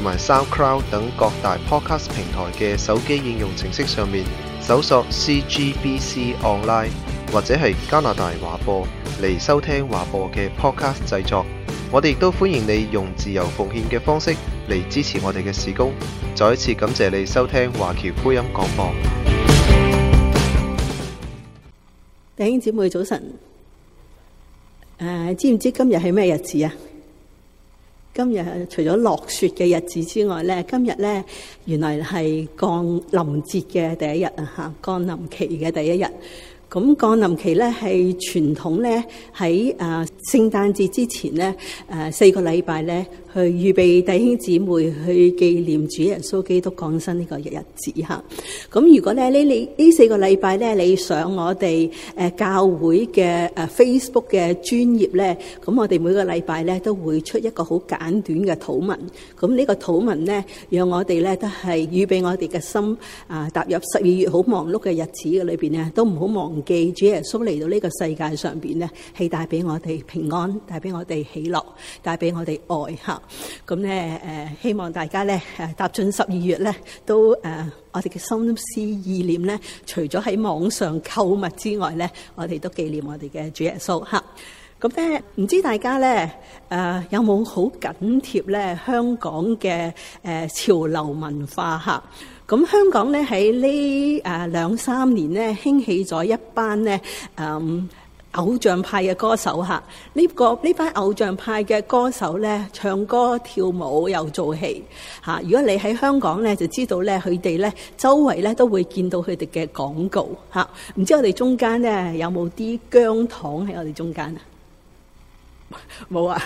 同埋 SoundCloud 等各大 Podcast 平台嘅手機應用程式上面搜索 CGBC Online 或者係加拿大華播嚟收聽華播嘅 Podcast 製作，我哋亦都歡迎你用自由奉獻嘅方式嚟支持我哋嘅事工。再一次感謝你收聽華僑福音廣播。弟兄姊妹早晨，誒、啊，知唔知今日係咩日子啊？今日除咗落雪嘅日子之外咧，今日咧原來係降臨節嘅第一日啊！吓，降臨期嘅第一日，咁降臨期咧係傳統咧喺誒、聖誕節之前咧誒、四個禮拜咧。去預備弟兄姊妹去紀念主耶穌基督降生呢個日子吓。咁如果咧呢禮呢四個禮拜咧，你上我哋誒教會嘅誒 Facebook 嘅專頁咧，咁我哋每個禮拜咧都會出一個好簡短嘅禱文。咁呢個禱文咧，讓我哋咧都係預備我哋嘅心啊，踏入十二月好忙碌嘅日子嘅裏邊咧，都唔好忘記主耶穌嚟到呢個世界上邊咧，係帶俾我哋平安，帶俾我哋喜樂，帶俾我哋愛吓。咁咧，誒，希望大家咧，踏進十二月咧，都誒、呃，我哋嘅心思意念咧，除咗喺網上購物之外咧，我哋都紀念我哋嘅主耶穌。吓，咁咧，唔知大家咧，誒、呃，有冇好緊貼咧香港嘅誒、呃、潮流文化？吓，咁香港咧喺呢誒兩三年咧興起咗一班咧，嗯。偶像派嘅歌手吓，呢個呢班偶像派嘅歌手咧，唱歌跳舞又做戲吓。如果你喺香港咧，就知道咧佢哋咧周圍咧都會見到佢哋嘅廣告吓。唔知我哋中間咧有冇啲薑糖喺我哋中間沒有啊？冇啊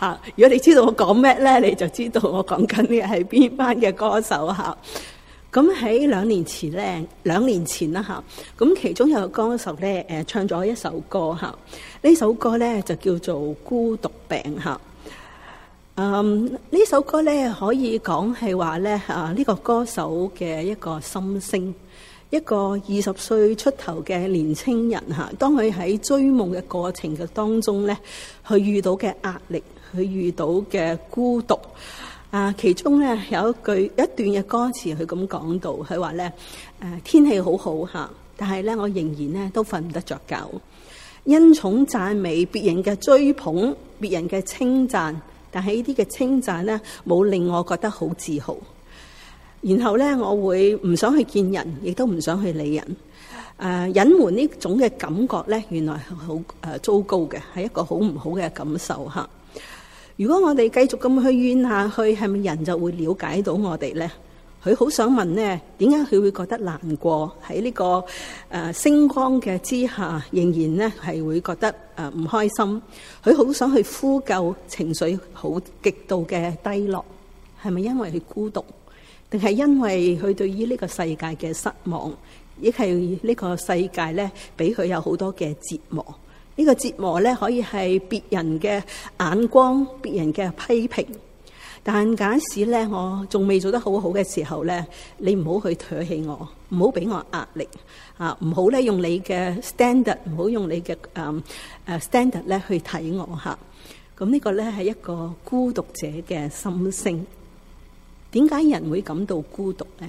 吓！如果你知道我講咩咧，你就知道我講緊嘅係邊班嘅歌手咁喺兩年前呢，兩年前啦，咁其中有個歌手呢，唱咗一首歌，呢首歌呢，就叫做《孤獨病》。嗯，呢首歌呢，可以講係話呢，呢個歌手嘅一個心聲，一個二十歲出頭嘅年青人嚇，當佢喺追夢嘅過程嘅當中呢，佢遇到嘅壓力，佢遇到嘅孤獨。啊，其中咧有一句一段嘅歌詞，佢咁講到，佢話咧，誒天氣好好吓，但係咧我仍然咧都瞓唔得着覺，恩寵讚美別人嘅追捧，別人嘅稱讚，但係呢啲嘅稱讚咧冇令我覺得好自豪。然後咧我會唔想去見人，亦都唔想去理人。誒、啊，隱瞞呢種嘅感覺咧，原來係好誒糟糕嘅，係一個好唔好嘅感受吓。如果我哋繼續咁去怨下去，係咪人就會了解到我哋呢？佢好想問呢，點解佢會覺得難過？喺呢個誒星光嘅之下，仍然呢係會覺得誒唔開心。佢好想去呼救，情緒好極度嘅低落，係咪因為佢孤獨？定係因為佢對於呢個世界嘅失望，亦係呢個世界呢，俾佢有好多嘅折磨？呢個折磨咧，可以係別人嘅眼光，別人嘅批評。但假使咧，我仲未做得好好嘅時候咧，你唔好去唾棄我，唔好俾我壓力啊！唔好咧用你嘅 standard，唔好用你嘅誒誒 standard 咧去睇我吓。咁呢個咧係一個孤獨者嘅心聲。點解人會感到孤獨呢？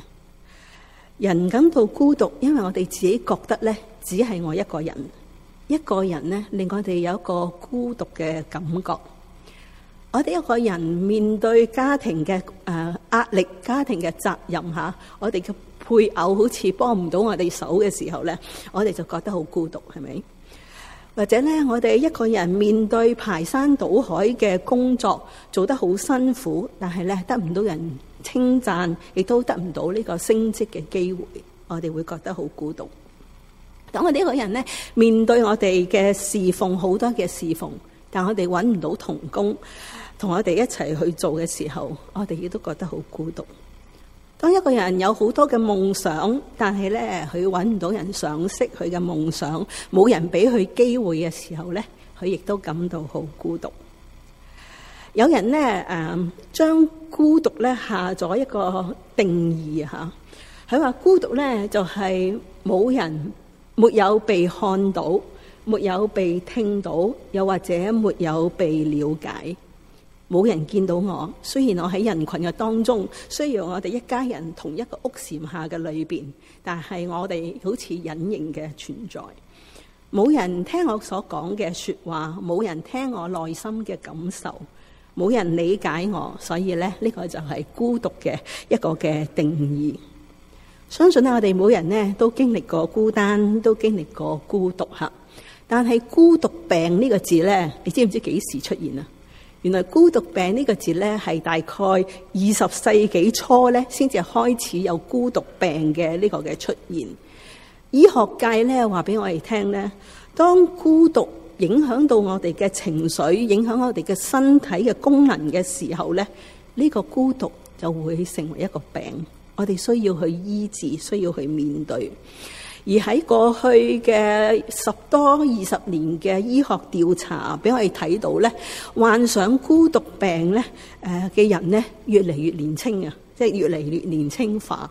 人感到孤獨，因為我哋自己覺得咧，只係我一個人。一個人呢，令我哋有一個孤獨嘅感覺。我哋一個人面對家庭嘅、誒、呃、壓力、家庭嘅責任吓，我哋嘅配偶好似幫唔到我哋手嘅時候呢，我哋就覺得好孤獨，係咪？或者呢，我哋一個人面對排山倒海嘅工作，做得好辛苦，但係呢，得唔到人稱讚，亦都得唔到呢個升職嘅機會，我哋會覺得好孤獨。咁我呢個人呢，面對我哋嘅侍奉，好多嘅侍奉，但我哋揾唔到同工同我哋一齊去做嘅時候，我哋亦都覺得好孤獨。當一個人有好多嘅夢想，但係呢，佢揾唔到人賞識佢嘅夢想，冇人俾佢機會嘅時候呢，佢亦都感到好孤獨。有人呢，誒，將孤獨呢下咗一個定義吓，佢話孤獨呢，就係冇人，沒有被看到，沒有被聽到，又或者沒有被了解，冇人見到我。雖然我喺人群嘅當中，雖然我哋一家人同一個屋檐下嘅裏邊，但係我哋好似隱形嘅存在。冇人聽我所講嘅說話，冇人聽我內心嘅感受，冇人理解我。所以咧，呢個就係孤獨嘅一個嘅定義。相信咧，我哋每人呢都經歷過孤單，都經歷過孤獨嚇。但係孤獨病呢個字呢，你知唔知幾時出現啊？原來孤獨病呢個字呢，係大概二十世紀初呢先至開始有孤獨病嘅呢個嘅出現。醫學界呢，話俾我哋聽呢：當孤獨影響到我哋嘅情緒，影響我哋嘅身體嘅功能嘅時候呢，呢個孤獨就會成為一個病。我哋需要去醫治，需要去面對。而喺過去嘅十多二十年嘅醫學調查，俾我哋睇到咧，患上孤獨病咧，誒嘅人呢，越嚟越年青啊，即係越嚟越年青化。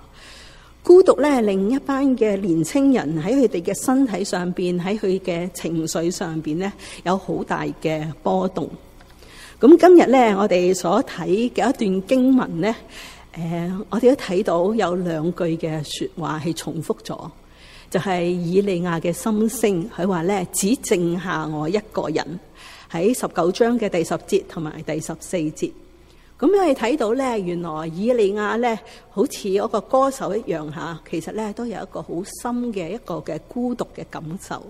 孤獨咧，令一班嘅年青人喺佢哋嘅身體上邊，喺佢嘅情緒上邊呢，有好大嘅波動。咁今日呢，我哋所睇嘅一段經文呢，誒、嗯，我哋都睇到有兩句嘅說話係重複咗，就係、是、以利亞嘅心聲，佢話咧，只剩下我一個人，喺十九章嘅第十節同埋第十四節。咁、嗯、我哋睇到咧，原來以利亞咧，好似一個歌手一樣吓，其實咧都有一個好深嘅一個嘅孤獨嘅感受。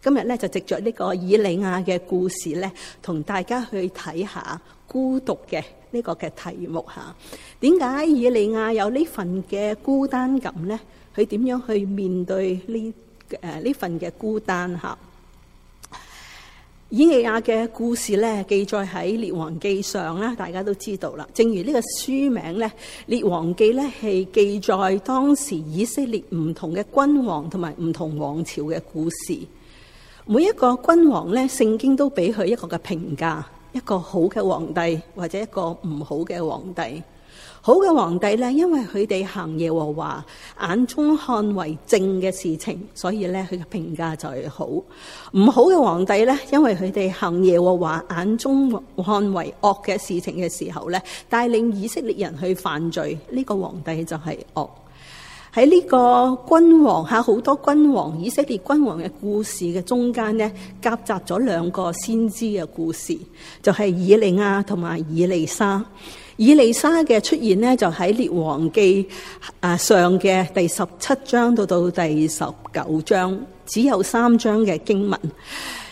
今日咧就藉着呢個以利亞嘅故事咧，同大家去睇下孤獨嘅。呢個嘅題目吓，點解以利亞有呢份嘅孤單感呢？佢點樣去面對呢，誒，呢份嘅孤單吓？以利亞嘅故事咧，記載喺列王記上啦，大家都知道啦。正如呢個書名咧，《列王記》咧係記載當時以色列唔同嘅君王同埋唔同王朝嘅故事。每一個君王咧，聖經都俾佢一個嘅評價。一個好嘅皇帝或者一個唔好嘅皇帝，好嘅皇帝呢，因為佢哋行耶和華眼中看為正嘅事情，所以呢，佢嘅評價就係好；唔好嘅皇帝呢，因為佢哋行耶和華眼中看為惡嘅事情嘅時候呢，帶領以色列人去犯罪，呢個皇帝就係惡。喺呢個君王吓，好多君王以色列君王嘅故事嘅中間呢，夾雜咗兩個先知嘅故事，就係以利亞同埋以利沙。以利沙嘅出現呢，就喺列王記啊上嘅第十七章到到第十九章，只有三章嘅經文。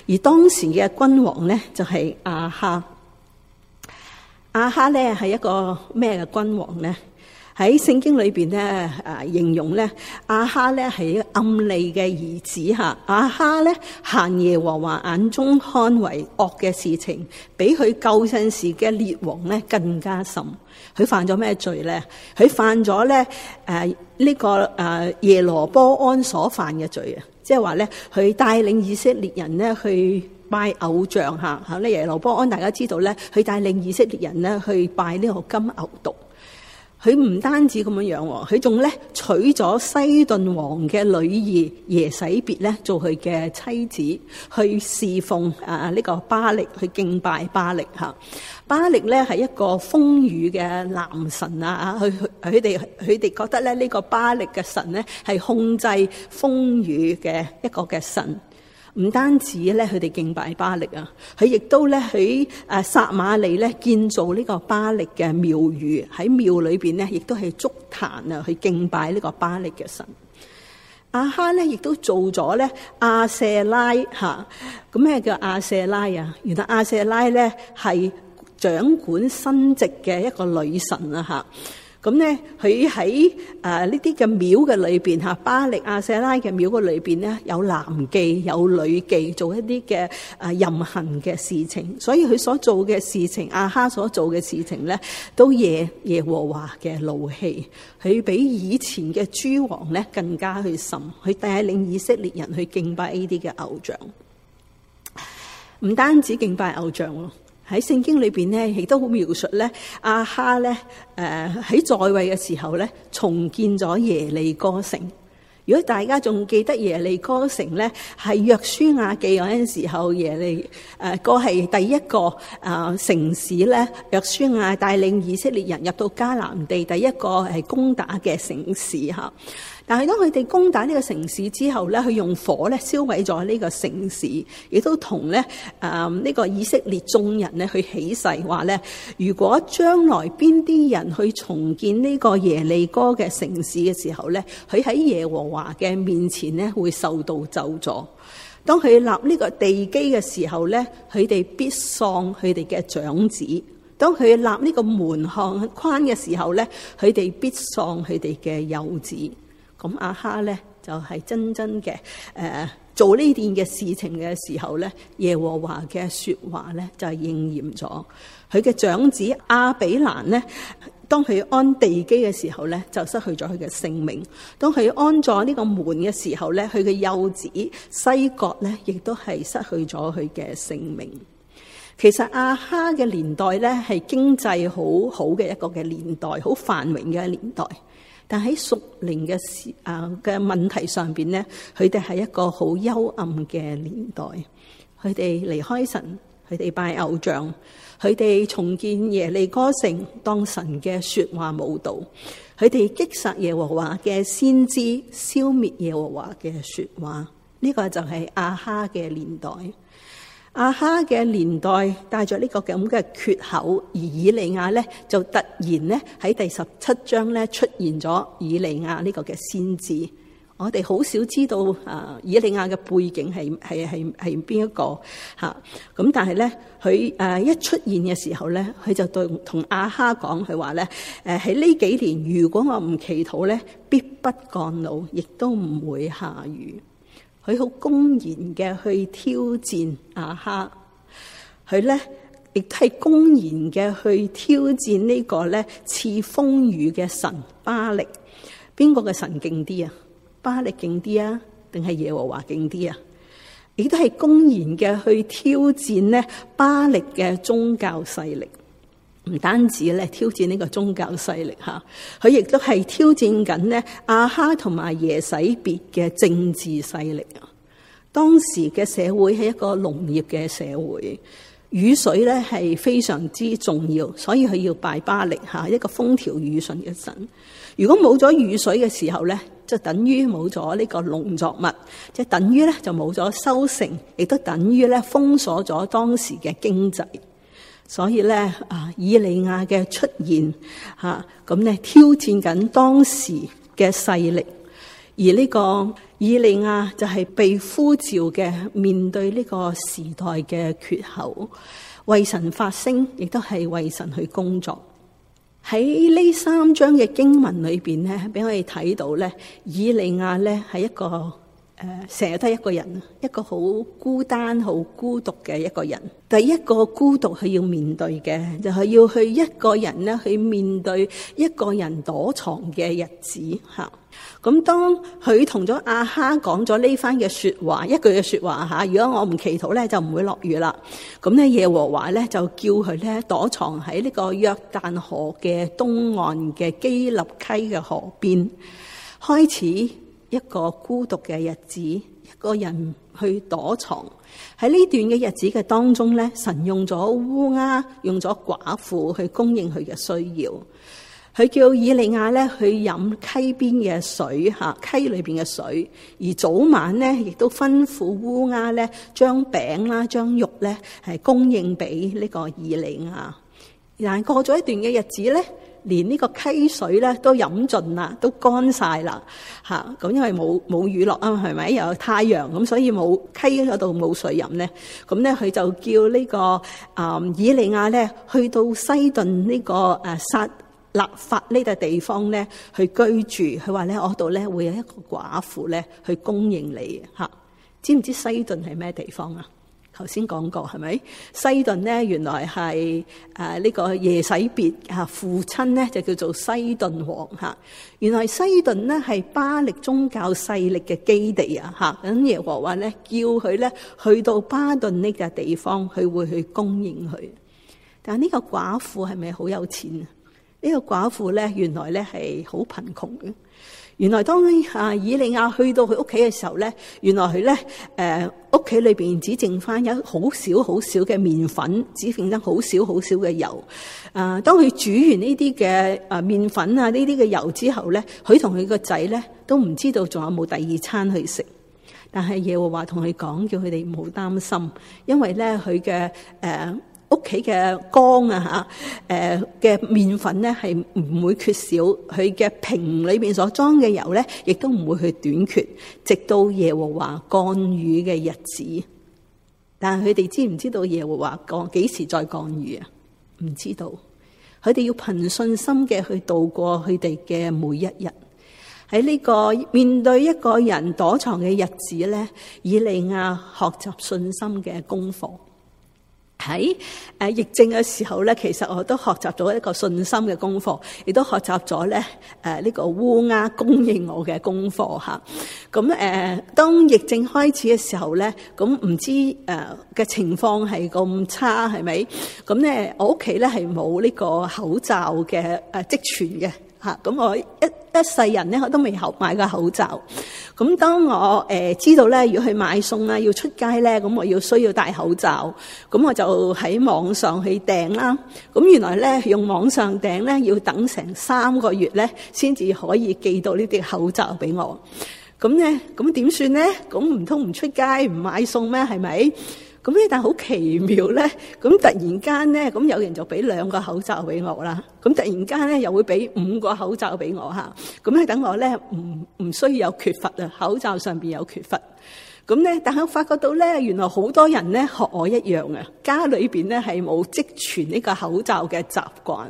而當時嘅君王呢，就係亞哈。亞哈咧係一個咩嘅君王呢？喺聖經裏面咧、啊，形容咧，亞哈咧係暗利嘅兒子嚇。亞、啊、哈咧行耶和華眼中看為惡嘅事情，比佢舊陣時嘅列王咧更加甚。佢犯咗咩罪咧？佢犯咗咧誒呢、啊呢個誒、啊、耶羅波安所犯嘅罪啊！即係話咧，佢帶領以色列人咧去拜偶像、啊、耶羅波安，大家知道咧，佢帶領以色列人咧去拜呢個金牛犢。佢唔單止咁樣喎，佢仲咧娶咗西頓王嘅女兒耶洗別咧做佢嘅妻子，去侍奉啊呢個巴力，去敬拜巴力。巴力咧係一個風雨嘅男神啊！佢哋佢哋覺得咧呢個巴力嘅神咧係控制風雨嘅一個嘅神。唔單止咧，佢哋敬拜巴力啊，佢亦都咧喺誒撒馬利咧建造呢個巴力嘅廟宇，喺廟裏邊咧亦都係築壇啊，去敬拜呢個巴力嘅神。亞哈咧亦都做咗咧亞舍拉吓，咁咩叫亞舍拉啊？原來亞舍拉咧係掌管生殖嘅一個女神啊吓。咁咧，佢喺啊呢啲嘅廟嘅裏邊吓，巴力阿舍拉嘅廟嘅裏邊咧，有男妓、有女妓做一啲嘅啊淫行嘅事情。所以佢所做嘅事情，亞哈所做嘅事情咧，都惹耶和華嘅怒氣。佢比以前嘅諸王咧更加去甚，佢帶領以色列人去敬拜呢啲嘅偶像。唔單止敬拜偶像。喺聖經裏邊咧，亦都好描述咧，亞哈咧，誒喺在位嘅時候咧，重建咗耶利哥城。如果大家仲記得耶利哥城咧，係約書亞記嗰陣時候，耶利誒哥係第一個啊城市咧，約書亞帶領以色列人入到迦南地第一個係攻打嘅城市嚇。但係，當佢哋攻打呢個城市之後咧，佢用火咧燒毀咗呢個城市，亦都同咧啊呢個以色列眾人咧去起誓話咧：如果將來邊啲人去重建呢個耶利哥嘅城市嘅時候咧，佢喺耶和華嘅面前咧會受到咒詛。當佢立呢個地基嘅時候咧，佢哋必喪佢哋嘅長子；當佢立呢個門框嘅時候咧，佢哋必喪佢哋嘅幼子。咁阿哈咧就係、是、真真嘅，誒、呃、做呢啲嘅事情嘅時候咧，耶和華嘅說話咧就應驗咗。佢嘅長子阿比蘭咧，當佢安地基嘅時候咧，就失去咗佢嘅性命。當佢安咗呢個門嘅時候咧，佢嘅幼子西割咧，亦都係失去咗佢嘅性命。其實阿哈嘅年代咧，係經濟很好好嘅一個嘅年代，好繁榮嘅年代。但喺屬靈嘅時啊嘅問題上邊咧，佢哋係一個好幽暗嘅年代。佢哋離開神，佢哋拜偶像，佢哋重建耶利哥城，當神嘅説話冇到。佢哋擊殺耶和華嘅先知，消滅耶和華嘅説話。呢、呢個就係亞哈嘅年代。阿哈嘅年代帶著呢個咁嘅缺口，而以利亞咧就突然咧喺第十七章咧出現咗以利亞呢個嘅先知。我哋好少知道啊，以利亞嘅背景係係係係邊一個咁、啊、但係咧佢一出現嘅時候咧，佢就對同阿哈講，佢話咧，喺呢幾年，如果我唔祈禱咧，必不降露，亦都唔會下雨。佢好公然嘅去挑戰亞哈，佢咧亦都係公然嘅去挑戰個呢個咧似風雨嘅神巴力，邊個嘅神勁啲啊？巴力勁啲啊？定係耶和華勁啲啊？亦都係公然嘅去挑戰咧巴力嘅宗教勢力。唔單止咧挑戰呢個宗教勢力吓，佢亦都係挑戰緊咧亞哈同埋耶洗別嘅政治勢力啊！當時嘅社會係一個農業嘅社會，雨水咧係非常之重要，所以佢要拜巴力吓，一個風調雨順嘅神。如果冇咗雨水嘅時候咧，就等於冇咗呢個農作物，即等於咧就冇咗收成，亦都等於咧封鎖咗當時嘅經濟。所以咧，啊，以利亞嘅出現吓，咁咧挑戰緊當時嘅勢力，而呢個以利亞就係被呼召嘅，面對呢個時代嘅缺口，為神發聲，亦都係為神去工作。喺呢三章嘅經文裏邊咧，俾我哋睇到咧，以利亞咧係一個。誒成日都一個人，一個好孤單、好孤獨嘅一個人。第一個孤獨係要面對嘅，就係、是、要去一個人咧去面對一個人躲藏嘅日子吓。咁、啊、當佢同咗阿哈講咗呢番嘅説話，一句嘅説話吓、啊。如果我唔祈禱咧，就唔會落雨啦。咁、啊、咧，耶和華咧就叫佢咧躲藏喺呢個約旦河嘅東岸嘅基立溪嘅河邊開始。一個孤獨嘅日子，一個人去躲藏。喺呢段嘅日子嘅當中咧，神用咗烏鴉，用咗寡婦去供應佢嘅需要。佢叫以利亞咧去飲溪邊嘅水吓，溪裏邊嘅水。而早晚咧，亦都吩咐烏鴉咧，將餅啦、將肉咧，係供應俾呢個以利亞。但過咗一段嘅日子咧。連呢個溪水咧都飲盡啦，都乾晒啦嚇。咁因為冇冇雨落啊嘛，係咪又有太陽咁，所以冇溪嗰度冇水飲咧。咁咧，佢就叫呢個啊以利亞咧去到西頓呢個誒撒勒法呢笪地方咧去居住。佢話咧，我度咧會有一個寡婦咧去供應你嚇。知唔知西頓係咩地方啊？頭先講過係咪西頓咧？原來係誒呢個耶洗別吓，父親咧就叫做西頓王吓。原來西頓咧係巴力宗教勢力嘅基地啊吓。咁耶和華咧叫佢咧去到巴頓呢個地方，佢會去供應佢。但係呢個寡婦係咪好有錢？呢個寡婦咧原來咧係好貧窮嘅。原來當啊以利亞去到佢屋企嘅時候咧，原來佢咧誒屋企裏邊只剩翻有好少好少嘅麵粉，只剩翻好少好少嘅油。啊、呃，當佢煮完呢啲嘅啊麵粉啊呢啲嘅油之後咧，佢同佢個仔咧都唔知道仲有冇第二餐去食。但係耶和華同佢講，叫佢哋唔好擔心，因為咧佢嘅誒。屋企嘅缸啊吓，誒、呃、嘅麵粉咧係唔會缺少，佢嘅瓶裏邊所裝嘅油咧，亦都唔會去短缺，直到耶和華降雨嘅日子。但係佢哋知唔知道耶和華降幾時再降雨啊？唔知道。佢哋要憑信心嘅去度過佢哋嘅每一日。喺呢個面對一個人躲藏嘅日子咧，以利亞學習信心嘅功課。喺誒疫症嘅時候咧，其實我都學習咗一個信心嘅功課，亦都學習咗咧誒呢個烏鴉供應我嘅功課嚇。咁誒，當疫症開始嘅時候咧，咁唔知誒嘅情況係咁差係咪？咁咧，我屋企咧係冇呢個口罩嘅誒積存嘅。咁我一一世人咧，我都未後買過口罩。咁當我誒知道咧，要去買餸啦，要出街咧，咁我要需要戴口罩。咁我就喺網上去訂啦。咁原來咧，用網上訂咧，要等成三個月咧，先至可以寄到呢啲口罩俾我。咁咧，咁點算咧？咁唔通唔出街，唔買餸咩？係咪？咁咧，但好奇妙咧，咁突然間咧，咁有人就俾兩個口罩俾我啦。咁突然間咧，又會俾五個口罩俾我吓。咁咧，等我咧，唔唔需要有缺乏啊。口罩上邊有缺乏。咁咧，但係我發覺到咧，原來好多人咧學我一樣啊，家裏邊咧係冇積存呢個口罩嘅習慣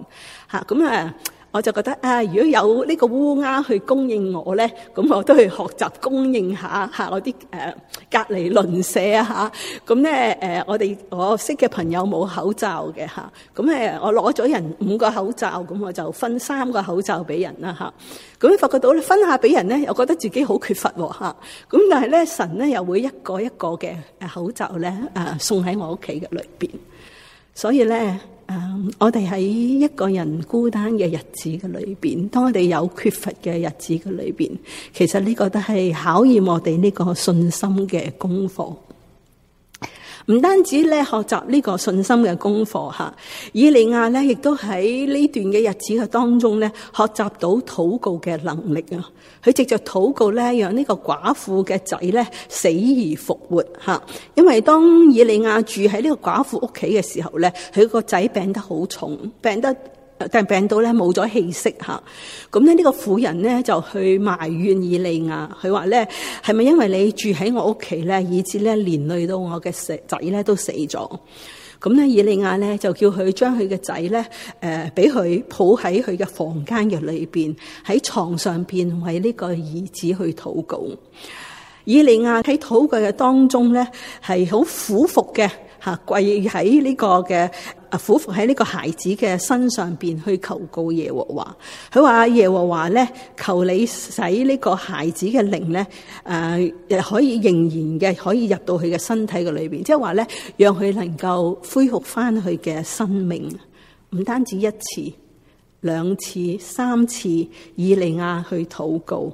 吓。咁啊。我就覺得啊，如果有呢個烏鴉去供應我咧，咁我都去學習供應下嚇我啲誒隔離鄰舍啊嚇。咁咧誒，我哋我識嘅朋友冇口罩嘅嚇，咁咧我攞咗人五個口罩，咁我就分三個口罩俾人啦嚇。咁發覺到咧，分下俾人咧，又覺得自己好缺乏喎嚇。咁但係咧，神咧又會一個一個嘅誒口罩咧啊送喺我屋企嘅裏邊，所以咧。誒，我哋喺一個人孤單嘅日子嘅裏邊，當我哋有缺乏嘅日子嘅裏邊，其實呢個都係考驗我哋呢個信心嘅功課。唔單止咧，學習呢個信心嘅功課吓，以利亞咧，亦都喺呢段嘅日子嘅當中咧，學習到禱告嘅能力啊！佢藉着禱告咧，讓呢個寡婦嘅仔咧死而復活吓。因為當以利亞住喺呢個寡婦屋企嘅時候咧，佢個仔病得好重，病得。但病到咧冇咗氣息吓，咁咧呢個婦人咧就去埋怨以利亞，佢話咧係咪因為你住喺我屋企咧，以致咧連累到我嘅仔咧都死咗？咁咧以利亞咧就叫佢將佢嘅仔咧誒，俾、呃、佢抱喺佢嘅房間嘅裏邊喺床上邊，為呢個兒子去禱告。以利亞喺禱告嘅當中咧係好苦服嘅。吓跪喺呢個嘅啊俯伏喺呢個孩子嘅身上邊，去求告耶和華。佢話，耶和華咧，求你使呢個孩子嘅靈咧，誒、呃，可以仍然嘅可以入到佢嘅身體嘅裏邊，即係話咧，讓佢能夠恢復翻佢嘅生命。唔單止一次、兩次、三次，以利亞去禱告，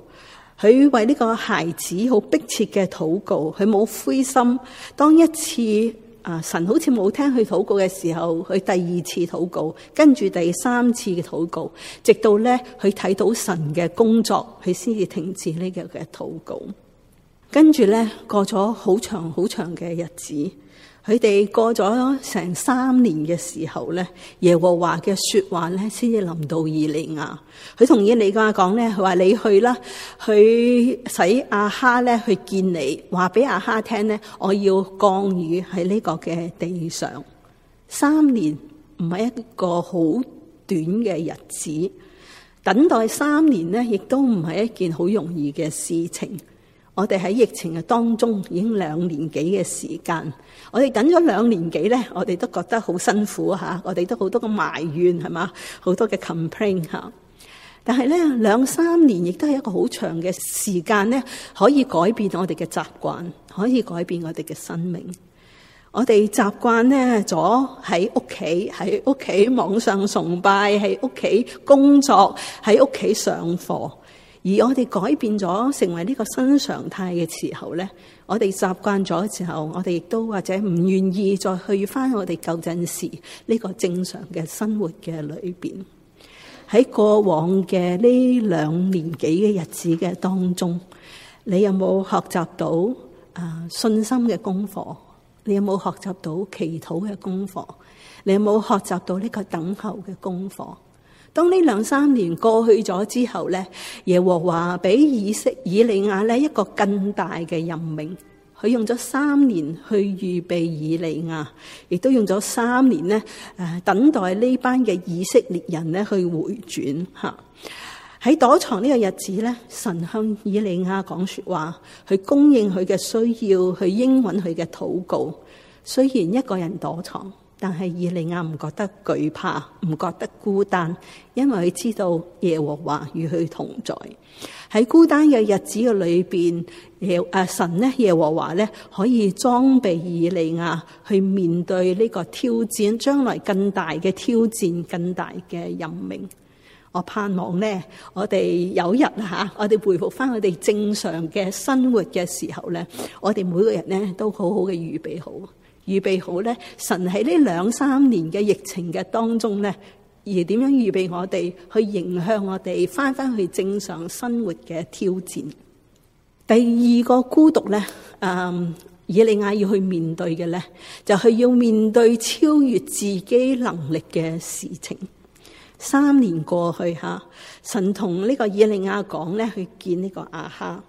佢為呢個孩子好迫切嘅禱告，佢冇灰心，當一次。啊！神好似冇聽佢禱告嘅時候，佢第二次禱告，跟住第三次嘅禱告，直到咧佢睇到神嘅工作，佢先至停止呢個嘅禱告。跟住咧，過咗好長好長嘅日子。佢哋過咗成三年嘅時候咧，耶和華嘅說話咧先至臨到以利亞。佢同以利亞講咧，佢話你去啦，佢使阿哈咧去見你，話俾阿哈聽咧，我要降雨喺呢個嘅地上。三年唔係一個好短嘅日子，等待三年咧，亦都唔係一件好容易嘅事情。我哋喺疫情嘅當中已經兩年幾嘅時間，我哋等咗兩年幾咧，我哋都覺得好辛苦吓，我哋都好多嘅埋怨係嘛，好多嘅 complain 吓，但係咧兩三年亦都係一個好長嘅時間咧，可以改變我哋嘅習慣，可以改變我哋嘅生命。我哋習慣咧咗喺屋企，喺屋企網上崇拜，喺屋企工作，喺屋企上課。而我哋改變咗，成為呢個新常態嘅時候咧，我哋習慣咗之後，我哋亦都或者唔願意再去返我哋舊陣時呢個正常嘅生活嘅裏邊。喺過往嘅呢兩年幾嘅日子嘅當中，你有冇學習到啊信心嘅功課？你有冇學習到祈禱嘅功課？你有冇學習到呢個等候嘅功課？當呢兩三年過去咗之後咧，耶和華俾以色以利亞咧一個更大嘅任命，佢用咗三年去預備以利亞，亦都用咗三年咧，誒等待呢班嘅以色列人咧去回轉吓。喺躲藏呢個日子咧，神向以利亞講說話，去供應佢嘅需要，去應允佢嘅禱告。雖然一個人躲藏。但係以利亞唔覺得懼怕，唔覺得孤單，因為佢知道耶和華與佢同在。喺孤單嘅日子嘅裏邊，耶誒神咧耶和華咧可以裝備以利亞去面對呢個挑戰，將來更大嘅挑戰，更大嘅任命。我盼望咧，我哋有日吓，我哋回復翻佢哋正常嘅生活嘅時候咧，我哋每個人咧都好好嘅預備好。預備好咧，神喺呢兩三年嘅疫情嘅當中咧，而點樣預備我哋去迎向我哋翻翻去正常生活嘅挑戰。第二個孤獨咧，嗯，以利亞要去面對嘅咧，就係、是、要面對超越自己能力嘅事情。三年過去吓，神同呢個以利亞講咧，去見呢個亞哈。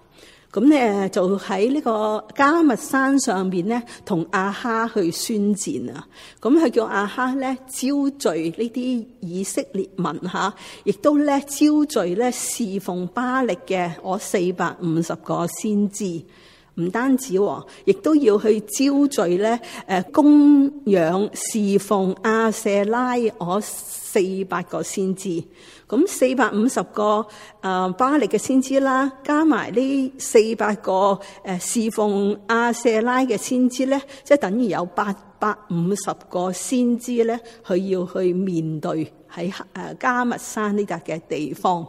咁咧就喺呢個迦密山上邊咧，同亞哈去宣戰啊！咁佢叫亞哈咧招聚呢啲以色列民吓，亦都咧招聚咧侍奉巴力嘅我四百五十個先知，唔單止、哦，亦都要去招聚咧誒供養侍奉亞舍拉我四百個先知。咁四百五十個啊巴力嘅先知啦，加埋呢四百個誒侍奉亞舍拉嘅先知咧，即係等於有八百五十個先知咧，佢要去面對喺誒迦密山呢笪嘅地方。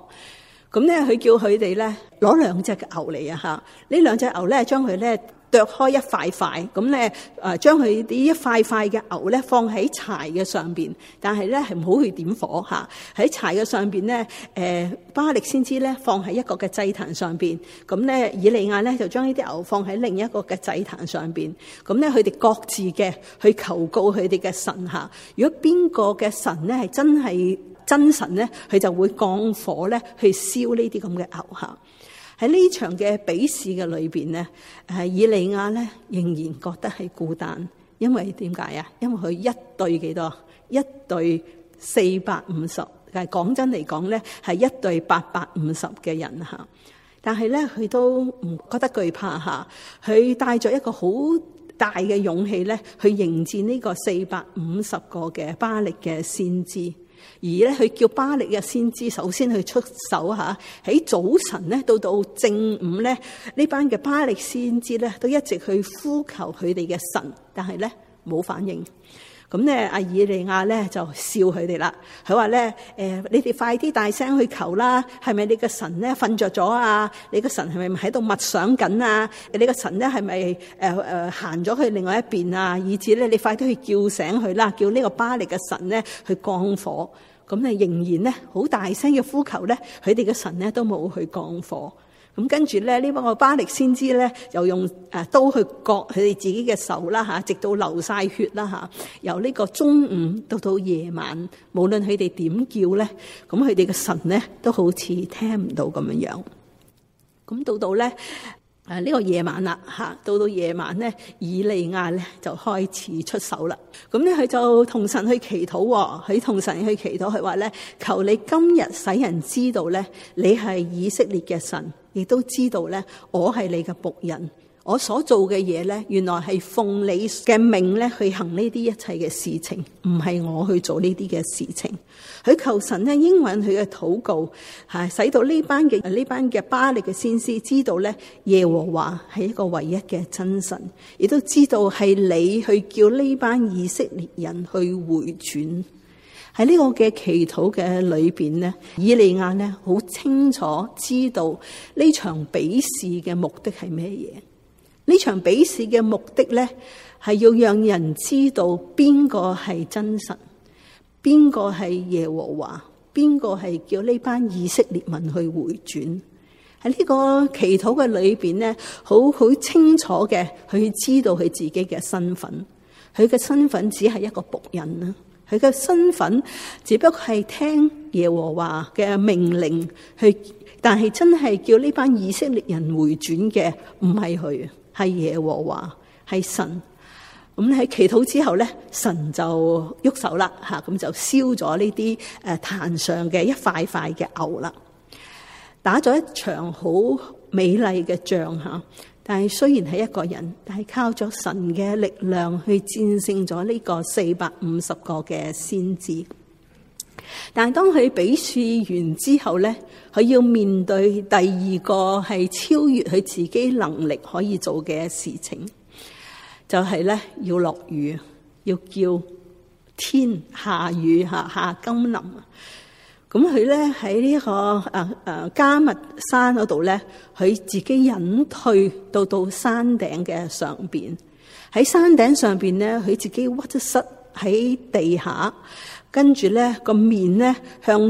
咁咧，佢叫佢哋咧攞兩隻牛嚟啊！嚇，呢兩隻牛咧，將佢咧，剁開一塊塊，咁咧誒將佢呢一塊塊嘅牛咧放喺柴嘅上面。但係咧係唔好去點火吓。喺柴嘅上面咧，誒巴力先知咧放喺一個嘅祭壇上面。咁咧以利亞咧就將呢啲牛放喺另一個嘅祭壇上面。咁咧佢哋各自嘅去求告佢哋嘅神下。如果邊個嘅神咧係真係真神咧，佢就會降火咧去燒呢啲咁嘅牛吓。喺呢場嘅比試嘅裏邊咧，誒以利亞咧仍然覺得係孤單，因為點解啊？因為佢一對幾多？一對四百五十，誒講真嚟講咧，係一對八百五十嘅人嚇。但係咧，佢都唔覺得懼怕嚇，佢帶著一個好大嘅勇氣咧，去迎戰呢個四百五十個嘅巴力嘅先知。而咧，佢叫巴力嘅先知首先去出手吓，喺早晨咧到到正午咧，呢班嘅巴力先知咧都一直去呼求佢哋嘅神，但係咧冇反應。咁咧，阿以利亞咧就笑佢哋啦。佢話咧：誒，你哋快啲大聲去求啦！係咪你個神咧瞓着咗啊？你個神係咪喺度默想緊啊？你個神咧係咪誒行咗去另外一邊啊？以致咧，你快啲去叫醒佢啦！叫呢個巴力嘅神咧去降火。咁咧仍然咧好大聲嘅呼求咧，佢哋嘅神咧都冇去降火。咁跟住咧，呢個巴力先知咧，又用誒刀去割佢哋自己嘅手啦吓，直到流晒血啦吓，由呢個中午到到夜晚，無論佢哋點叫咧，咁佢哋嘅神咧都好似聽唔到咁樣樣。咁到到咧。誒、這、呢個夜晚啦，嚇，到到夜晚咧，以利亞咧就開始出手啦。咁咧佢就同神去祈禱，佢同神去祈禱，佢話咧：求你今日使人知道咧，你係以色列嘅神，亦都知道咧，我係你嘅僕人。我所做嘅嘢呢，原來係奉你嘅命咧去行呢啲一切嘅事情，唔係我去做呢啲嘅事情。佢求神咧應允佢嘅禱告，吓使到呢班嘅呢班嘅巴力嘅先知知道呢，耶和華係一個唯一嘅真神，亦都知道係你去叫呢班以色列人去回轉。喺呢個嘅祈禱嘅裏邊呢，以利亞呢，好清楚知道呢場比試嘅目的係咩嘢。呢場比試嘅目的呢，係要讓人知道邊個係真神，邊個係耶和華，邊個係叫呢班以色列民去回轉。喺呢個祈禱嘅裏邊呢，好好清楚嘅去知道佢自己嘅身份。佢嘅身份只係一個僕人啦，佢嘅身份只不過係聽耶和華嘅命令去，但係真係叫呢班以色列人回轉嘅，唔係佢。係耶和華，係神。咁喺祈禱之後咧，神就喐手啦，吓，咁就燒咗呢啲誒壇上嘅一塊塊嘅牛啦，打咗一場好美麗嘅仗吓。但係雖然係一個人，但係靠咗神嘅力量去戰勝咗呢個四百五十個嘅先知。但係當佢比試完之後咧，佢要面對第二個係超越佢自己能力可以做嘅事情，就係、是、咧要落雨，要叫天下雨下下甘霖。咁佢咧喺呢個誒誒、啊啊、加密山嗰度咧，佢自己隱退到到山頂嘅上邊，喺山頂上邊咧，佢自己屈膝喺地下。跟住咧個面咧向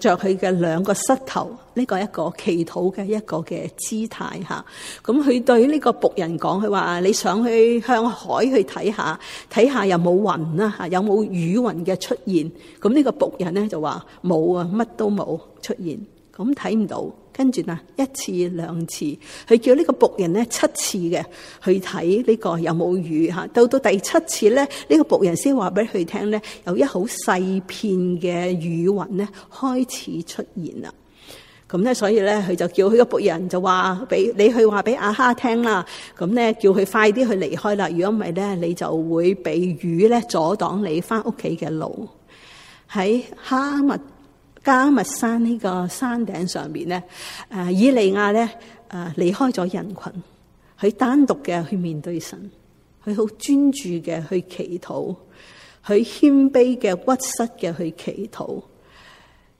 着佢嘅兩個膝頭，呢、這個一個祈禱嘅一個嘅姿態吓。咁佢對呢個僕人講，佢話：你上去向海去睇下，睇下有冇雲啊，有冇雨雲嘅出現。咁、嗯、呢、這個僕人咧就話冇啊，乜都冇出現，咁睇唔到。跟住嗱，一次兩次，佢叫呢個僕人咧七次嘅去睇呢個有冇雨嚇。到到第七次咧，呢個僕人先話俾佢聽咧，有一好細片嘅雨雲咧開始出現啦。咁咧，所以咧，佢就叫佢個僕人就話俾你去話俾阿哈聽啦。咁咧，叫佢快啲去離開啦。如果唔係咧，你就會俾雨咧阻擋你翻屋企嘅路。喺哈密迦密山呢個山頂上面咧，誒，以利亞咧，誒，離開咗人群，佢單獨嘅去面對神，佢好專注嘅去祈禱，佢謙卑嘅屈膝嘅去祈禱。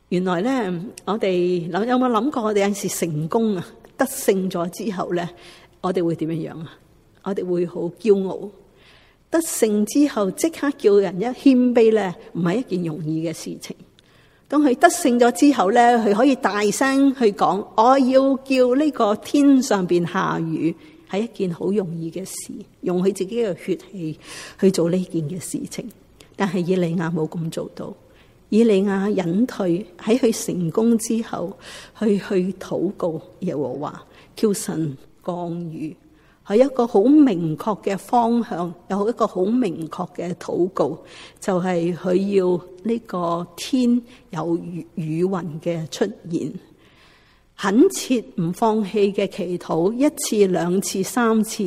原來咧，有有我哋諗有冇諗過？我哋有陣時成功啊，得勝咗之後咧，我哋會點樣樣啊？我哋會好驕傲，得勝之後即刻叫人一謙卑咧，唔係一件容易嘅事情。當佢得勝咗之後咧，佢可以大聲去講：我要叫呢個天上邊下雨，係一件好容易嘅事，用佢自己嘅血氣去做呢件嘅事情。但係以利亞冇咁做到，以利亞隱退喺佢成功之後去去禱告耶和華，叫神降雨。佢一個好明確嘅方向，有一個好明確嘅禱告，就係、是、佢要呢個天有雨雨雲嘅出現，懇切唔放棄嘅祈禱，一次、兩次、三次，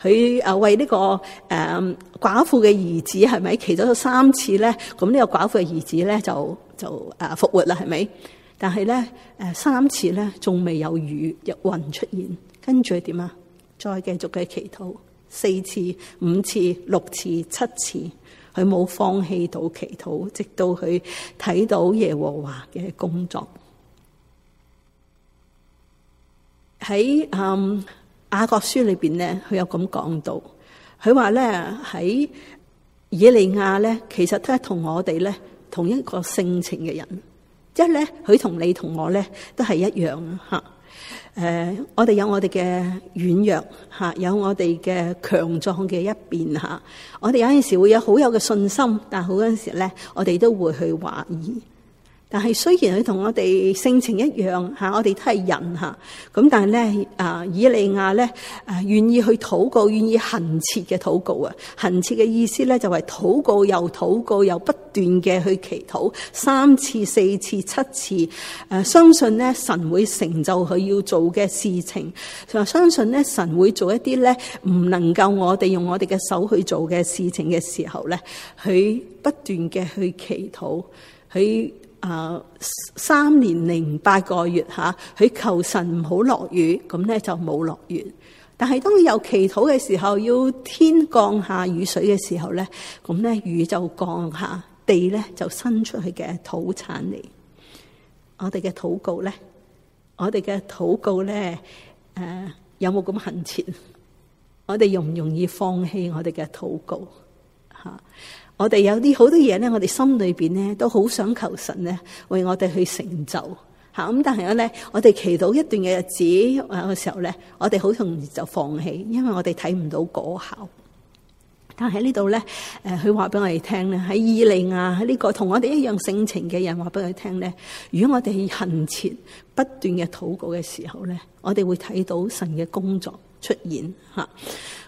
佢誒為呢、這個誒、呃、寡婦嘅兒子係咪祈禱咗三次咧？咁呢個寡婦嘅兒子咧就就誒復活啦，係咪？但係咧誒三次咧仲未有雨入雲出現，跟住點啊？再繼續嘅祈禱，四次、五次、六次、七次，佢冇放棄到祈禱，直到佢睇到耶和華嘅工作。喺《阿、嗯、雅各書裏面》裏邊咧，佢有咁講到，佢話咧喺以利亞咧，其實都係同我哋咧同一個性情嘅人，即係咧佢同你同我咧都係一樣吓。誒、呃，我哋有我哋嘅軟弱吓，有我哋嘅強壯嘅一邊吓，我哋有陣時會有好有嘅信心，但係好多時咧，我哋都會去懷疑。但係雖然佢同我哋性情一樣嚇，我哋都係人咁，但係咧啊，以利亞咧啊，願意去禱告，願意恆切嘅禱告啊，恆切嘅意思咧就係、是、禱告又禱告又，又不斷嘅去祈禱三次、四次、七次、呃、相信咧神會成就佢要做嘅事情，就相信咧神會做一啲咧唔能夠我哋用我哋嘅手去做嘅事情嘅時候咧，佢不斷嘅去祈禱佢。誒，三年零八個月吓，佢求神唔好落雨，咁咧就冇落雨。但係當佢有祈禱嘅時候，要天降下雨水嘅時候咧，咁咧雨就降下，地咧就生出去嘅土產嚟。我哋嘅禱告咧，我哋嘅禱告咧，誒、啊，有冇咁恆前？我哋容唔容易放棄我哋嘅禱告？吓、啊？我哋有啲好多嘢咧，我哋心裏邊咧都好想求神咧，為我哋去成就吓咁。但係咧，我哋祈禱一段嘅日子嘅時候咧，我哋好容易就放棄，因為我哋睇唔到果效。但喺呢度咧，誒、呃，佢話俾我哋聽咧，喺以利亞呢、呢個同我哋一樣性情嘅人話俾佢聽咧，如果我哋行前不斷嘅禱告嘅時候咧，我哋會睇到神嘅工作。出現嚇，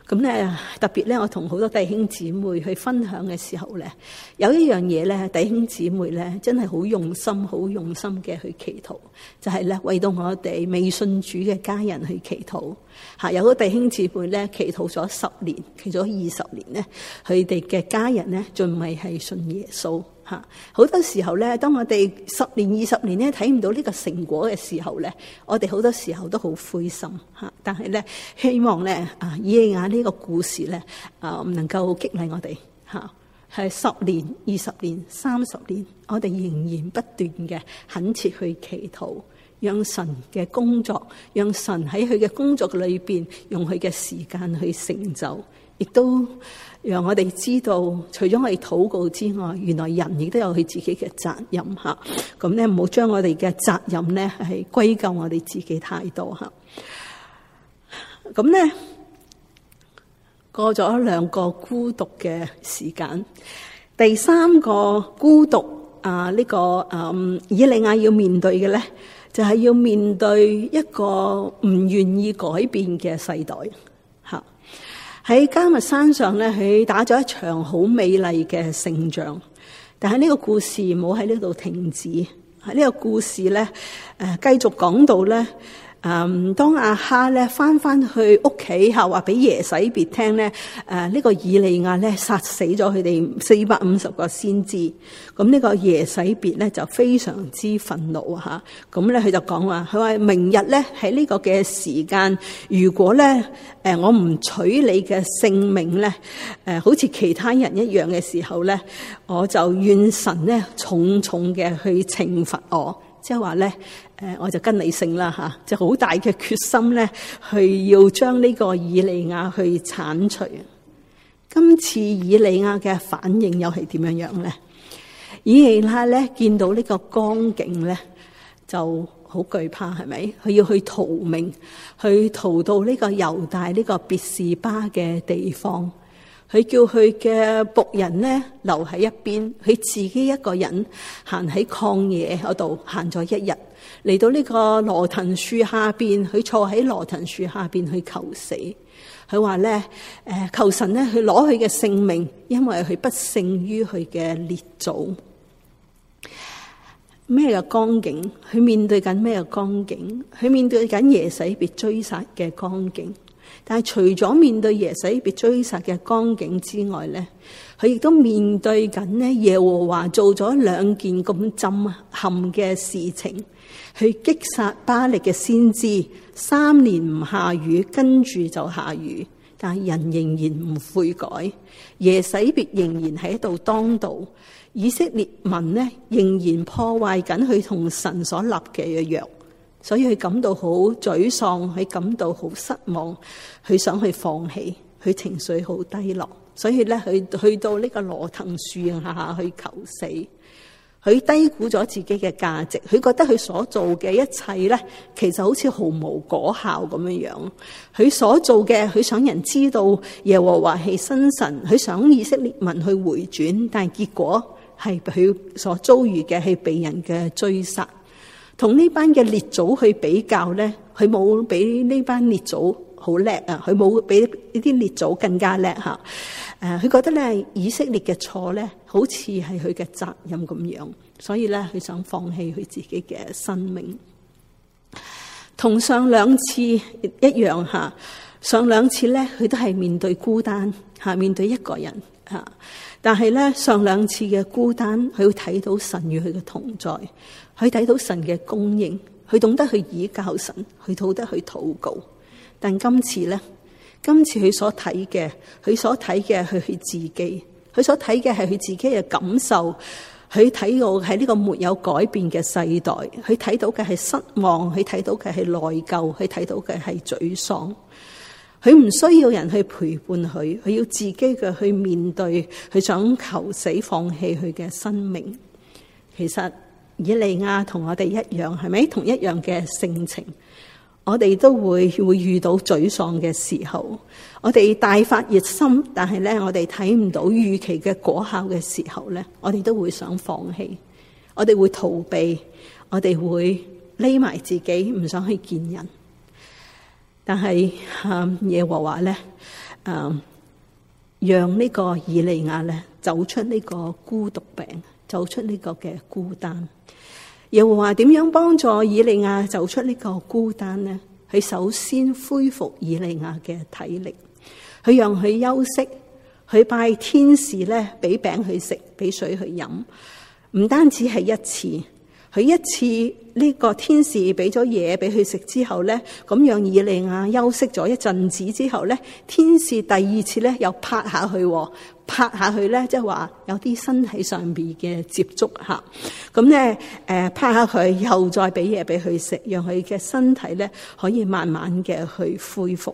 咁咧特別咧，我同好多弟兄姊妹去分享嘅時候咧，有一樣嘢咧，弟兄姊妹咧真係好用心、好用心嘅去祈禱，就係咧為到我哋未信主嘅家人去祈禱嚇。有個弟兄姊妹咧祈禱咗十年、祈咗二十年咧，佢哋嘅家人咧仲未係信耶穌。吓，好多時候咧，當我哋十年、二十年咧睇唔到呢個成果嘅時候咧，我哋好多時候都好灰心吓。但係咧，希望咧啊以利亞呢個故事咧啊，唔能夠激勵我哋吓。係十年、二十年、三十年，我哋仍然不斷嘅懇切去祈禱，讓神嘅工作，讓神喺佢嘅工作裏邊用佢嘅時間去成就，亦都。讓我哋知道，除咗我哋禱告之外，原來人亦都有佢自己嘅責任吓。咁咧，唔好將我哋嘅責任咧係歸咎我哋自己太多吓。咁咧，過咗兩個孤獨嘅時間，第三個孤獨啊呢，這個嗯，以利亞要面對嘅咧，就係、是、要面對一個唔願意改變嘅世代。喺迦密山上咧，佢打咗一場好美麗嘅勝仗。但係呢個故事冇喺呢度停止，喺、這、呢個故事咧，誒，繼續講到咧。嗯，當阿哈咧翻翻去屋企後，話俾耶洗別聽咧，誒、這、呢個以利亞咧殺死咗佢哋四百五十個先知，咁、這、呢個耶洗別咧就非常之憤怒吓，咁咧佢就講話，佢話明日咧喺呢個嘅時間，如果咧誒我唔取你嘅性命咧，誒好似其他人一樣嘅時候咧，我就願神咧重重嘅去懲罰我。即係話咧，誒，我就跟你姓啦，吓，就好大嘅決心咧，去要將呢個以利亞去鏟除。今次以利亞嘅反應又係點樣樣咧？以利亞咧見到呢個光景咧，就好懼怕，係咪？佢要去逃命，去逃到呢個猶大呢個別士巴嘅地方。佢叫佢嘅僕人咧留喺一邊，佢自己一個人行喺曠野嗰度行咗一日，嚟到呢個羅騰樹下邊，佢坐喺羅騰樹下邊去求死。佢話咧，誒，求神咧去攞佢嘅性命，因為佢不勝於佢嘅列祖。咩嘅光景？佢面對緊咩嘅光景？佢面對緊耶洗別追殺嘅光景。但係除咗面對耶洗別追殺嘅光景之外咧，佢亦都面對緊呢耶和華做咗兩件咁震撼嘅事情，去擊殺巴力嘅先知，三年唔下雨，跟住就下雨，但係人仍然唔悔改，耶洗別仍然喺度當道，以色列民呢，仍然破壞緊佢同神所立嘅約。所以佢感到好沮喪，佢感到好失望，佢想去放棄，佢情緒好低落。所以咧，佢去到呢個羅騰樹下，去求死。佢低估咗自己嘅價值，佢覺得佢所做嘅一切咧，其實好似毫無果效咁樣樣。佢所做嘅，佢想人知道耶和華係真神，佢想以色列民去回轉，但係結果係佢所遭遇嘅係被人嘅追殺。同呢班嘅列祖去比較咧，佢冇比呢班列祖好叻啊！佢冇比呢啲列，列祖更加叻嚇。誒，佢覺得咧以色列嘅錯咧，好似係佢嘅責任咁樣，所以咧佢想放棄佢自己嘅生命。同上兩次一樣嚇，上兩次咧佢都係面對孤單嚇，面對一個人嚇。但係咧上兩次嘅孤單，佢會睇到神與佢嘅同在。佢睇到神嘅供應，佢懂得去倚靠神，佢懂得去禱告。但今次咧，今次佢所睇嘅，佢所睇嘅係佢自己，佢所睇嘅係佢自己嘅感受。佢睇到喺呢個沒有改變嘅世代，佢睇到嘅係失望，佢睇到嘅係內疚，佢睇到嘅係沮喪。佢唔需要人去陪伴佢，佢要自己嘅去面對，佢想求死放棄佢嘅生命。其實。以利亞同我哋一樣，係咪同一樣嘅性情？我哋都會會遇到沮喪嘅時候，我哋大發熱心，但係咧，我哋睇唔到預期嘅果效嘅時候咧，我哋都會想放棄，我哋會逃避，我哋會匿埋自己，唔想去見人。但係嗯、耶和華咧，嗯，讓呢個以利亞咧走出呢個孤獨病，走出呢個嘅孤單，又話點樣幫助以利亞走出呢個孤單呢？佢首先恢復以利亞嘅體力，佢讓佢休息，佢拜天使咧，俾餅佢食，俾水佢飲，唔單止係一次。佢一次呢、這個天使俾咗嘢俾佢食之後咧，咁讓以利亞休息咗一陣子之後咧，天使第二次咧又拍下喎。拍下去咧即係話有啲身體上面嘅接觸嚇，咁咧誒拍下佢，又再俾嘢俾佢食，讓佢嘅身體咧可以慢慢嘅去恢復。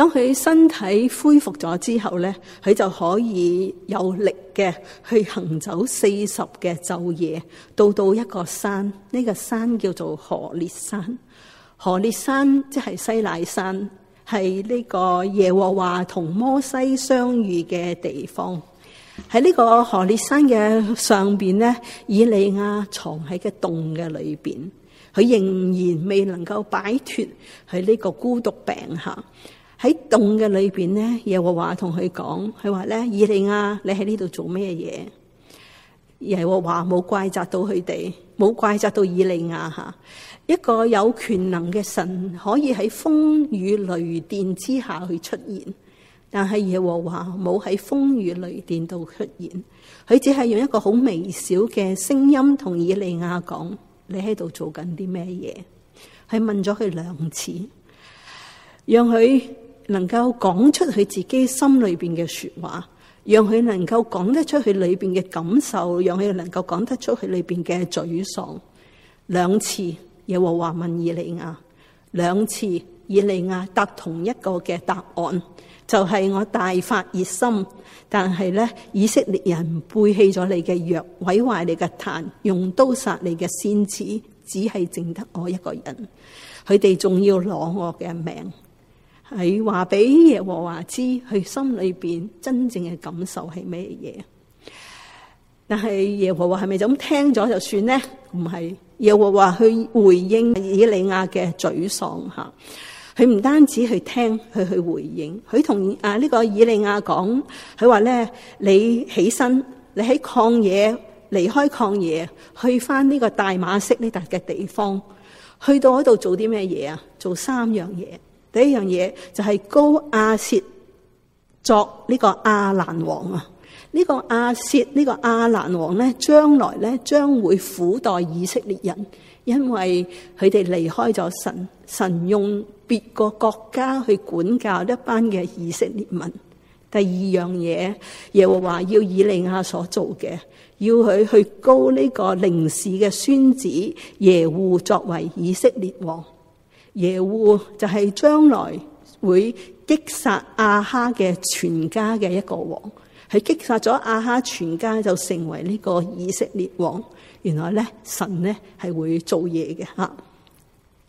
等佢身體恢復咗之後咧，佢就可以有力嘅去行走四十嘅晝夜，到到一個山，呢、呢個山叫做何烈山。何烈山即係西奈山，係呢個耶和華同摩西相遇嘅地方。喺呢個何烈山嘅上邊咧，以利亞藏喺個洞嘅裏邊，佢仍然未能夠擺脫喺呢個孤獨病下。喺洞嘅裏邊咧，耶和華同佢講：佢話咧，以利亞，你喺呢度做咩嘢？耶和華冇怪責到佢哋，冇怪責到以利亞吓。一個有權能嘅神可以喺風雨雷電之下去出現，但係耶和華冇喺風雨雷電度出現。佢只係用一個好微小嘅聲音同以利亞講：你喺度做緊啲咩嘢？佢問咗佢兩次，讓佢。能夠講出佢自己心裏邊嘅說話，讓佢能夠講得出去裏邊嘅感受，讓佢能夠講得出去裏邊嘅沮喪。兩次耶和華問以利亞，兩次以利亞答同一個嘅答案，就係、是、我大發熱心，但係呢，以色列人背棄咗你嘅約，毀壞你嘅壇，用刀殺你嘅先知，只係淨得我一個人，佢哋仲要攞我嘅命。係話俾耶和華知，佢心裏邊真正嘅感受係咩嘢。但係耶和華係咪就咁聽咗就算呢？唔係，耶和華去回應以利亞嘅沮喪吓，佢唔單止去聽，佢去回應，佢同啊呢個以利亞講，佢話咧，你起身，你喺曠野離開曠野，去翻呢個大馬色呢笪嘅地方，去到嗰度做啲咩嘢啊？做三樣嘢。第一樣嘢就係、是、膏哈薛作呢個亞蘭王啊。呢、這個哈薛呢、這個亞蘭王咧，將來咧將會苦待以色列人，因為佢哋離開咗神，神用別個國家去管教一班嘅以色列民。第二樣嘢，耶和華要以利亞所做嘅，要佢去膏呢個寧示嘅孫子耶戶作為以色列王。耶烏就係將來會擊殺亞哈嘅全家嘅一個王，佢擊殺咗亞哈全家就成為呢個以色列王。原來咧，神咧係會做嘢嘅吓。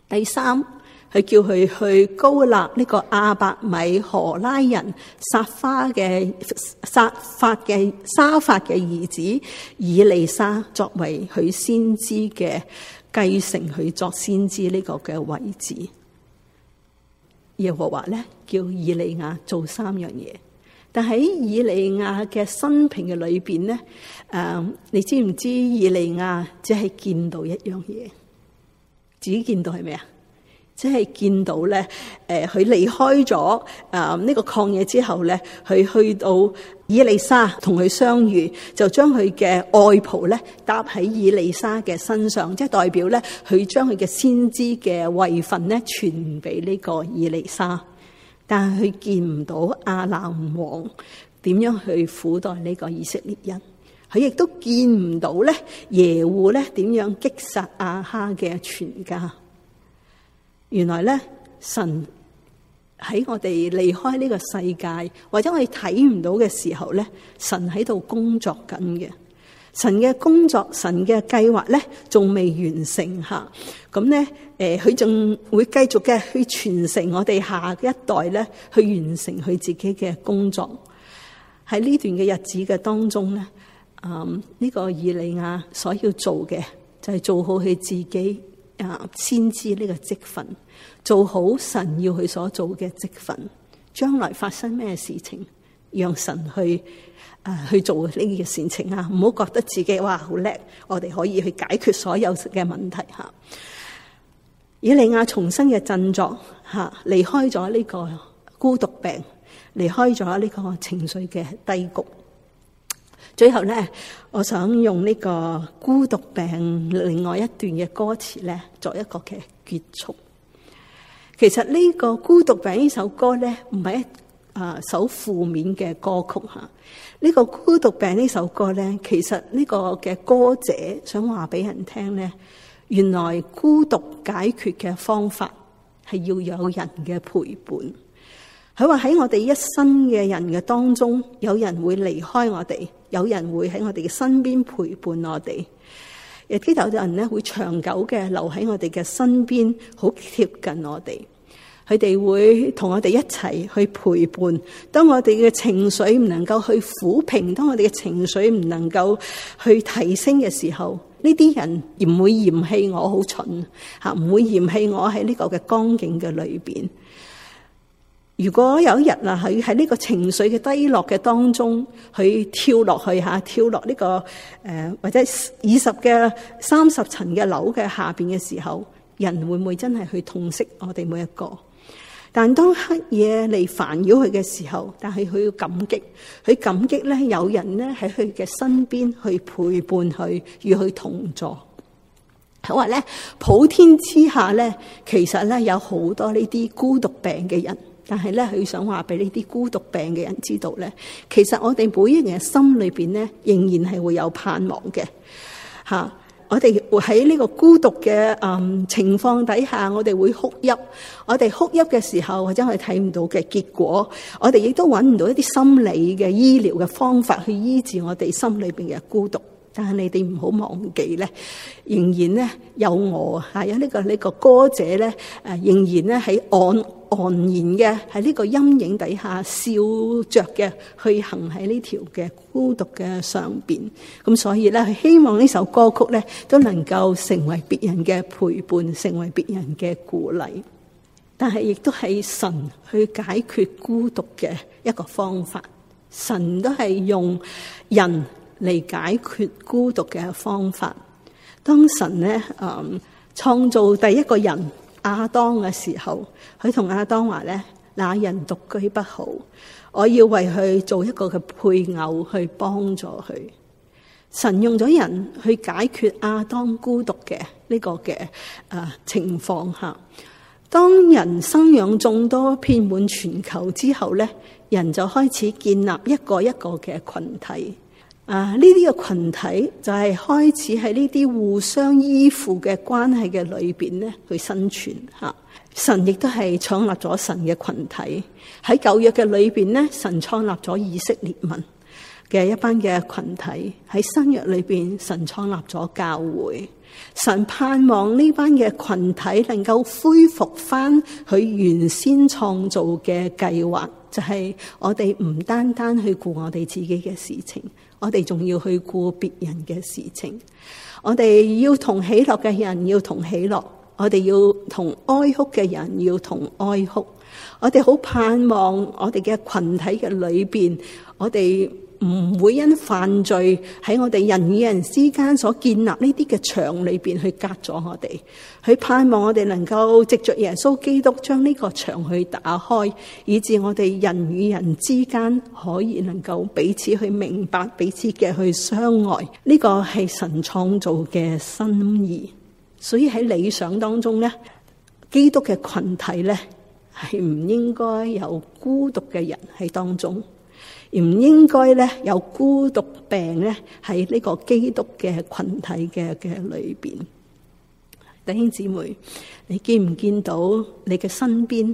第三，佢叫佢去膏立呢個亞伯米何拉人撒花嘅撒法嘅沙法嘅兒子以利沙作為佢先知嘅。繼承佢作先知呢個嘅位置，耶和華咧叫以利亞做三樣嘢，但喺以利亞嘅生平嘅裏邊咧，誒，你知唔知道以利亞只係見到一樣嘢？自己見到係咩啊？只係見到咧，誒，佢離開咗誒呢個曠野之後咧，佢去到。以利沙同佢相遇，就將佢嘅外袍咧搭喺以利沙嘅身上，即係代表咧，佢將佢嘅先知嘅位份咧傳俾呢個以利沙。但係佢見唔到亞蘭王點樣去苦待呢個以色列人，佢亦都見唔到咧耶戶咧點樣擊殺亞哈嘅全家。原來咧神。喺我哋離開呢個世界或者我哋睇唔到嘅時候咧，神喺度工作緊嘅，神嘅工作，神嘅計劃咧，仲未完成吓。咁咧，誒，佢仲會繼續嘅去傳承我哋下一代咧，去完成佢自己嘅工作。喺呢段嘅日子嘅當中咧，嗯，呢個以利亞所要做嘅就係、是、做好佢自己。啊、先知呢個職分，做好神要佢所做嘅職分。將來發生咩事情，讓神去啊去做呢件事情啊！唔好覺得自己哇好叻，我哋可以去解決所有嘅問題吓、啊。以利亞重新嘅振作吓，離開咗呢個孤獨病，離開咗呢個情緒嘅低谷。最後咧，我想用呢個《孤獨病》另外一段嘅歌詞咧，作一個嘅結束。其實呢個《孤獨病》呢首歌咧，唔係一啊首負面嘅歌曲吓。呢個《孤獨病》呢首歌咧，其實呢個嘅歌者想話俾人聽咧，原來孤獨解決嘅方法係要有人嘅陪伴。佢話喺我哋一生嘅人嘅當中，有人會離開我哋。有人會喺我哋嘅身邊陪伴我哋，有啲有啲人咧會長久嘅留喺我哋嘅身邊，好貼近我哋。佢哋會同我哋一齊去陪伴。當我哋嘅情緒唔能夠去撫平，當我哋嘅情緒唔能夠去提升嘅時候，呢啲人唔會嫌棄我好蠢吓，唔會嫌棄我喺呢個嘅光景嘅裏邊。如果有一日啊，佢喺呢個情緒嘅低落嘅當中，佢跳落去嚇，跳落呢個誒或者二十嘅三十層嘅樓嘅下邊嘅時候，人會唔會真係去痛惜我哋每一個？但當黑夜嚟煩擾佢嘅時候，但係佢要感激，佢感激咧，有人咧喺佢嘅身邊去陪伴佢與佢同坐。好話咧，普天之下咧，其實咧有好多呢啲孤獨病嘅人。但係咧，佢想話俾呢啲孤獨病嘅人知道咧，其實我哋每一個人嘅心裏邊咧，仍然係會有盼望嘅。吓，我哋會喺呢個孤獨嘅嗯情況底下，我哋會哭泣，我哋哭泣嘅時候，或者我哋睇唔到嘅結果，我哋亦都揾唔到一啲心理嘅醫療嘅方法去醫治我哋心裏邊嘅孤獨。但係你哋唔好忘記咧，仍然咧有我，係有呢個呢個歌者咧，誒仍然咧喺暗暗然嘅喺呢個陰影底下笑着嘅去行喺呢條嘅孤獨嘅上邊。咁所以咧，希望呢首歌曲咧都能夠成為別人嘅陪伴，成為別人嘅鼓勵。但係亦都係神去解決孤獨嘅一個方法。神都係用人。嚟解決孤獨嘅方法。當神咧，嗯，創造第一個人亞當嘅時候，佢同亞當話咧，那人獨居不好，我要為佢做一個嘅配偶去幫助佢。神用咗人去解決亞當孤獨嘅呢個嘅、呃、情況。嚇，當人生養眾多，遍滿全球之後咧，人就開始建立一個一個嘅群體。啊！呢啲嘅群體就係開始喺呢啲互相依附嘅關係嘅裏邊咧，去生存吓、啊。神亦都係創立咗神嘅群體喺舊約嘅裏邊咧，神創立咗以色列民嘅一班嘅群體喺新約裏邊，神創立咗教會。神盼望呢班嘅群體能夠恢復翻佢原先創造嘅計劃，就係、是、我哋唔單單去顧我哋自己嘅事情。我哋仲要去顧別人嘅事情，我哋要同喜樂嘅人要同喜樂，我哋要同哀哭嘅人要同哀哭，我哋好盼望我哋嘅群體嘅裏邊，我哋。唔會因犯罪喺我哋人與人之間所建立呢啲嘅牆裏邊去隔咗我哋，佢盼望我哋能夠藉着耶穌基督將呢個牆去打開，以致我哋人與人之間可以能夠彼此去明白、彼此嘅去相愛。呢、呢個係神創造嘅心意，所以喺理想當中呢，基督嘅群體呢，係唔應該有孤獨嘅人喺當中。而唔應該咧有孤獨病咧喺呢個基督嘅羣體嘅嘅裏邊，弟兄姊妹，你見唔見到你嘅身邊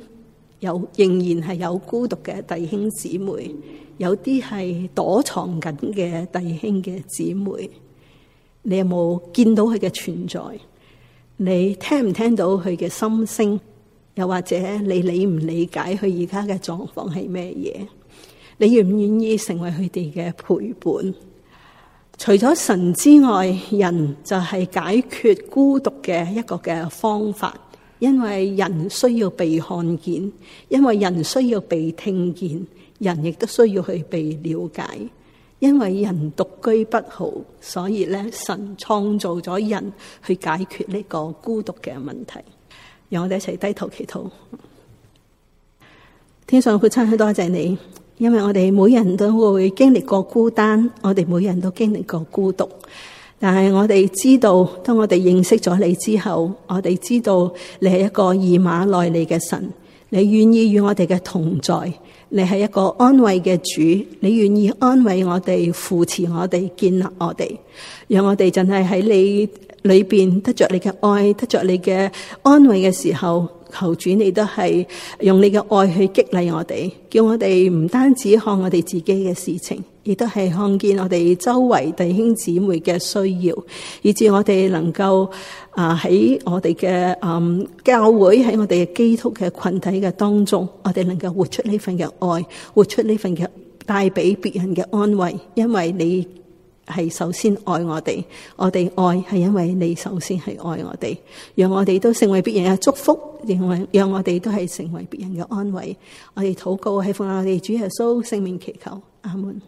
有仍然係有孤獨嘅弟兄姊妹？有啲係躲藏緊嘅弟兄嘅姊妹，你有冇見到佢嘅存在？你聽唔聽到佢嘅心聲？又或者你理唔理解佢而家嘅狀況係咩嘢？你願唔願意成為佢哋嘅陪伴？除咗神之外，人就係解決孤獨嘅一個嘅方法，因為人需要被看見，因為人需要被聽見，人亦都需要去被了解，因為人獨居不好，所以咧神創造咗人去解決呢個孤獨嘅問題。讓我哋一齊低頭祈禱。天上嘅父親，親愛的，多謝你。因為我哋每人都會經歷過孤單，我哋每人都經歷過孤獨，但係我哋知道，當我哋認識咗你之後，我哋知道你係一個以馬內利嘅神，你願意與我哋嘅同在，你係一個安慰嘅主，你願意安慰我哋、扶持我哋、建立我哋，讓我哋真係喺你裏面，得着你嘅愛、得着你嘅安慰嘅時候。求主，你都係用你嘅愛去激勵我哋，叫我哋唔單止看我哋自己嘅事情，亦都係看見我哋周圍弟兄姊妹嘅需要，以至我哋能夠啊喺我哋嘅嗯教會，喺我哋嘅基督嘅群體嘅當中，我哋能夠活出呢份嘅愛，活出呢份嘅帶俾別人嘅安慰，因為你。係首先愛我哋，我哋愛係因為你首先係愛我哋，讓我哋都成為別人嘅祝福，認為讓我哋都係成為別人嘅安慰。我哋禱告，喺奉我哋主耶穌聖名祈求，阿門。